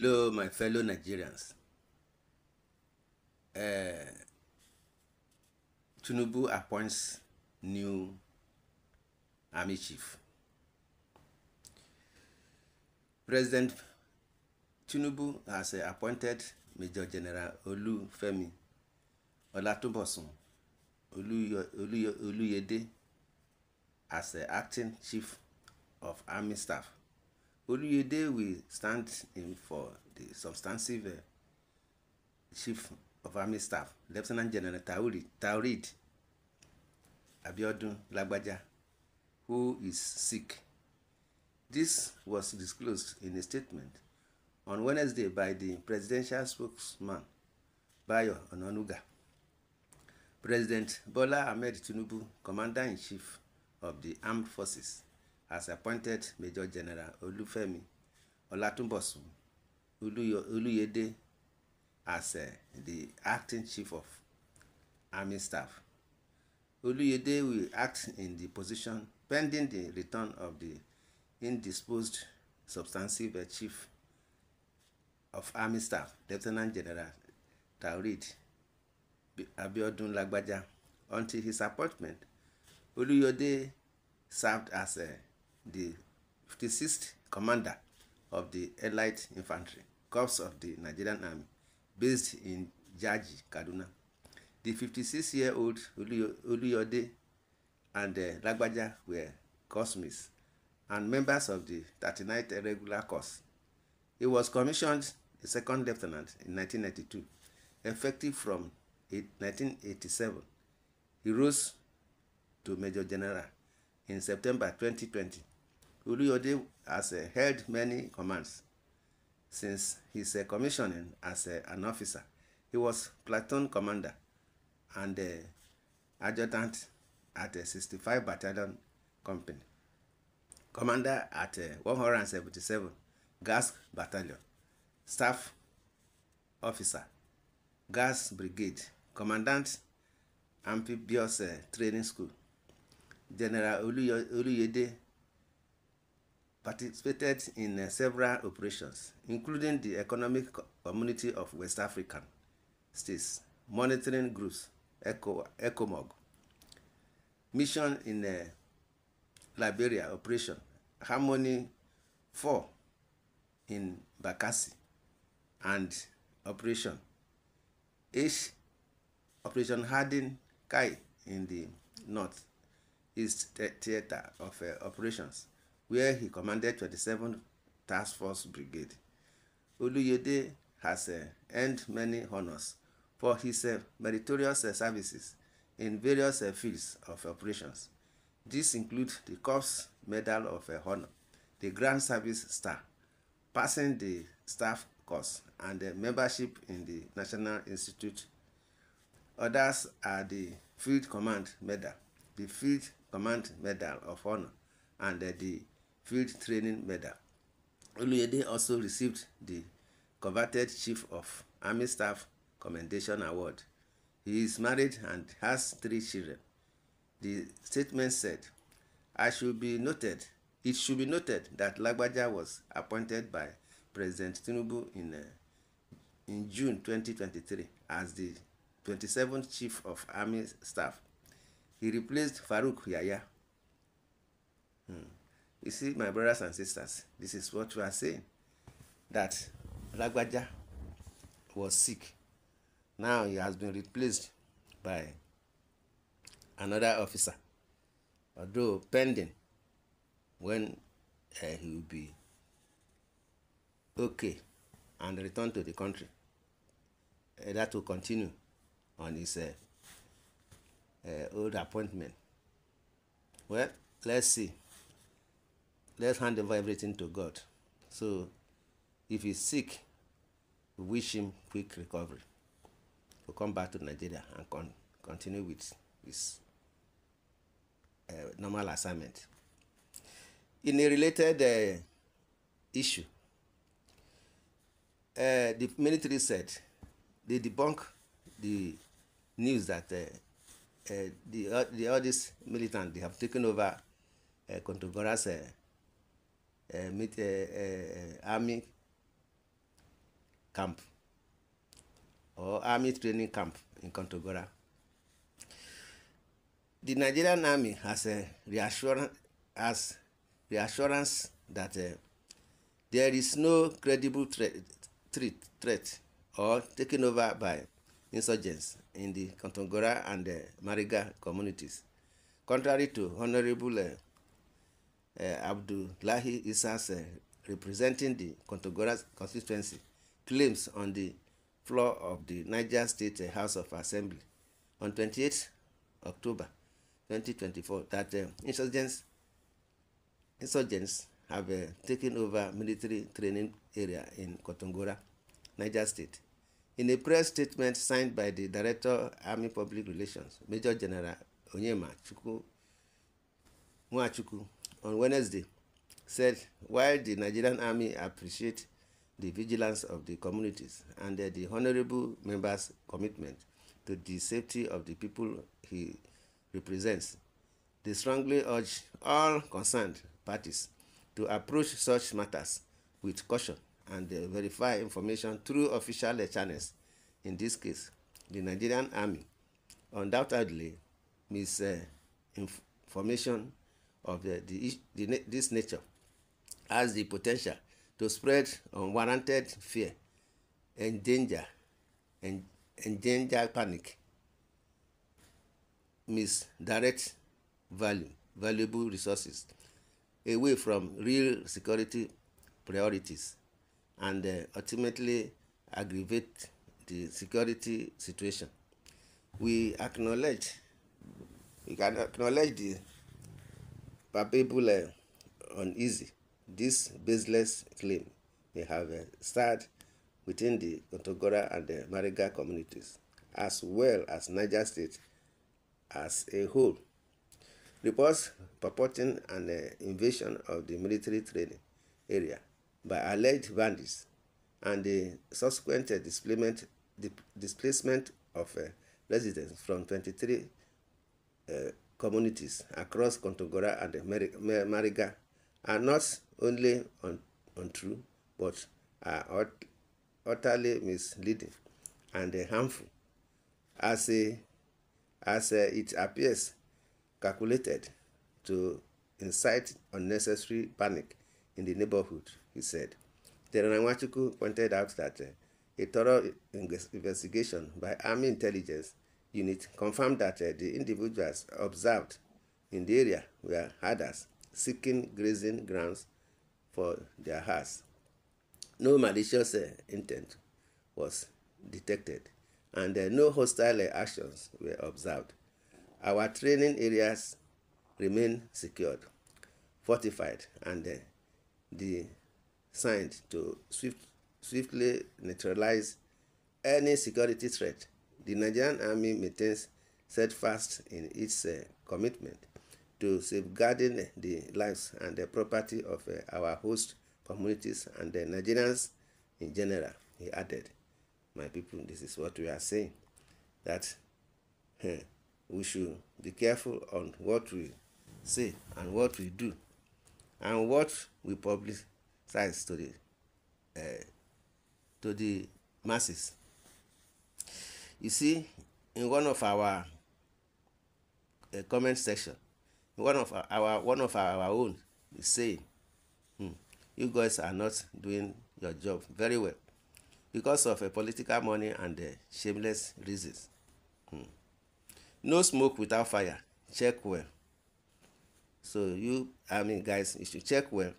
Hello, my fellow Nigerians. Uh, eh, Tunubu appoints new army chief. President Tinubu has uh, appointed Major General Olufemi Olatunbosun Oluy Oluy Oluyede as the uh, acting chief of army staff Oluyede will stand in for the substantive uh, chief of army staff Lieutenant General Tauri, Taurid Abiodun Lagbaja who is sick. This was disclosed in a statement on Wednesday by the presidential spokesman Bayo Onanuga. President Bola Ahmed Tinubu, Commander-in-Chief of the Armed Forces, as appointed Major General Olufemi Olatunbosun Oluyede as uh, the acting chief of army staff. Oluyede will act in the position pending the return of the indisposed substantive uh, chief of army staff Lieutenant General Taurid Abiodun Lagbaja until his appointment. Oluyede served as a eh, the 56th commander of the Elite Infantry Corps of the Nigerian Army, based in Jaji, Kaduna. The 56-year-old Oluyode and uh, Lagbaja were cosmists and members of the 39th Regular Corps. He was commissioned a second lieutenant in 1992, effective from 1987. He rose to Major General in September 2020 Uluyode has uh, held many commands since his uh, commissioning as uh, an officer. He was platoon commander and uh, adjutant at the 65 Battalion Company, commander at uh, 177 Gas Battalion, staff officer, Gas Brigade, commandant amphibious uh, training school. General Uluyede participated in uh, several operations, including the Economic Community of West African States, Monitoring Groups, ECO, ECOMOG, Mission in uh, Liberia Operation, Harmony 4 in Bakassi, and Operation H, Operation Hardin Kai in the North East Theater of uh, Operations where he commanded 27 Task Force Brigade. Oluyede has uh, earned many honors for his uh, meritorious uh, services in various uh, fields of operations. These include the Corps Medal of uh, Honor, the Grand Service Star, passing the staff course, and the membership in the National Institute. Others are the Field Command Medal, the Field Command Medal of Honor, and uh, the Field Training Medal. Oluyede also received the coveted Chief of Army Staff Commendation Award. He is married and has three children. The statement said, I should be noted, it should be noted that Lagbaja was appointed by President Tinubu in, uh, in June 2023 as the 27th Chief of Army Staff. He replaced Farouk Yaya." Hmm. You see, my brothers and sisters, this is what we are saying that Lagbaja was sick. Now he has been replaced by another officer, although pending when uh, he will be okay and return to the country. Uh, that will continue on his uh, old appointment. Well, let's see. let's hand over everything to God. So if he's sick, we wish him quick recovery. We'll come back to Nigeria and con- continue with his uh, normal assignment. In a related uh, issue, uh, the military said they debunk the news that the, the all these militants they have taken over uh, Contogoras uh, meet uh, uh, army camp or army training camp in Kontogora. The Nigerian army has a reassurance, has reassurance that uh, there is no credible threat, threat, threat or taken over by insurgents in the Kontogora and Mariga communities. Contrary to Honorable uh, eh, Abdullahi Isas, uh, representing the Kontagora constituency, claims on the floor of the Niger State eh, House of Assembly on 28 October 2024 that uh, insurgents, insurgents have uh, taken over military training area in Kotongora, Niger State. In a press statement signed by the Director Army Public Relations, Major General Onyema Chuku, Mwachukwu on Wednesday said while the Nigerian army appreciate the vigilance of the communities and the honorable member's commitment to the safety of the people he represents, they strongly urge all concerned parties to approach such matters with caution and verify information through official channels. In this case, the Nigerian army undoubtedly misinformation of the, the, the, this nature has the potential to spread unwarranted fear, endanger, and endanger panic, misdirect value, valuable resources away from real security priorities, and uh, ultimately aggravate the security situation. We acknowledge we can acknowledge the but people are uneasy. This baseless claim may have eh, started within the Kontogora and the Mariga communities, as well as Niger State as a whole. Reports purporting an eh, invasion of the military training area by alleged bandits and the subsequent eh, displacement, displacement of residents from 23 communities across Contogora and Mariga are not only un untrue but are utterly misleading and harmful as, a, as a, it appears calculated to incite unnecessary panic in the neighborhood, he said. Teranamwachuku pointed out that uh, a thorough investigation by army intelligence unit confirmed that uh, the individuals observed in the area were herders seeking grazing grounds for their herds. No malicious uh, intent was detected and uh, no hostile actions were observed. Our training areas remain secured, fortified, and uh, designed to swift, swiftly neutralize any security threat the Nigerian army maintains steadfast in its uh, commitment to safeguarding the lives and the property of uh, our host communities and the Nigerians in general, he added. My people, this is what we are saying, that huh, eh, we should be careful on what we say and what we do and what we publicize to the, uh, to the masses. you see in one of our uh, comment section one of our one of our own is saying hmm, you guys are not doing your job very well because of a political money and uh, shameless reasons hmm. no smoke without fire check well so you i mean guys you should check well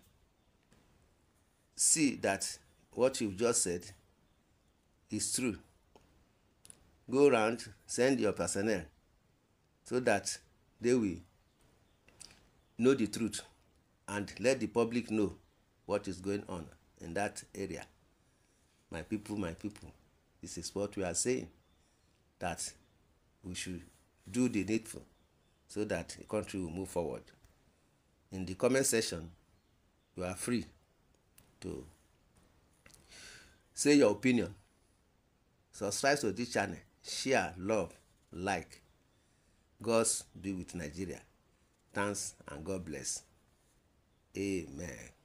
see that what you just said is true go round send your personnel so that they will know the truth and let the public know what is going on in that area my people my people this is what we are saying that we should do the needful so that the country will move forward in the comment section you are free to say your opinion subscribe to this channel share, love, like. God's be with Nigeria. Thanks and God bless. Amen.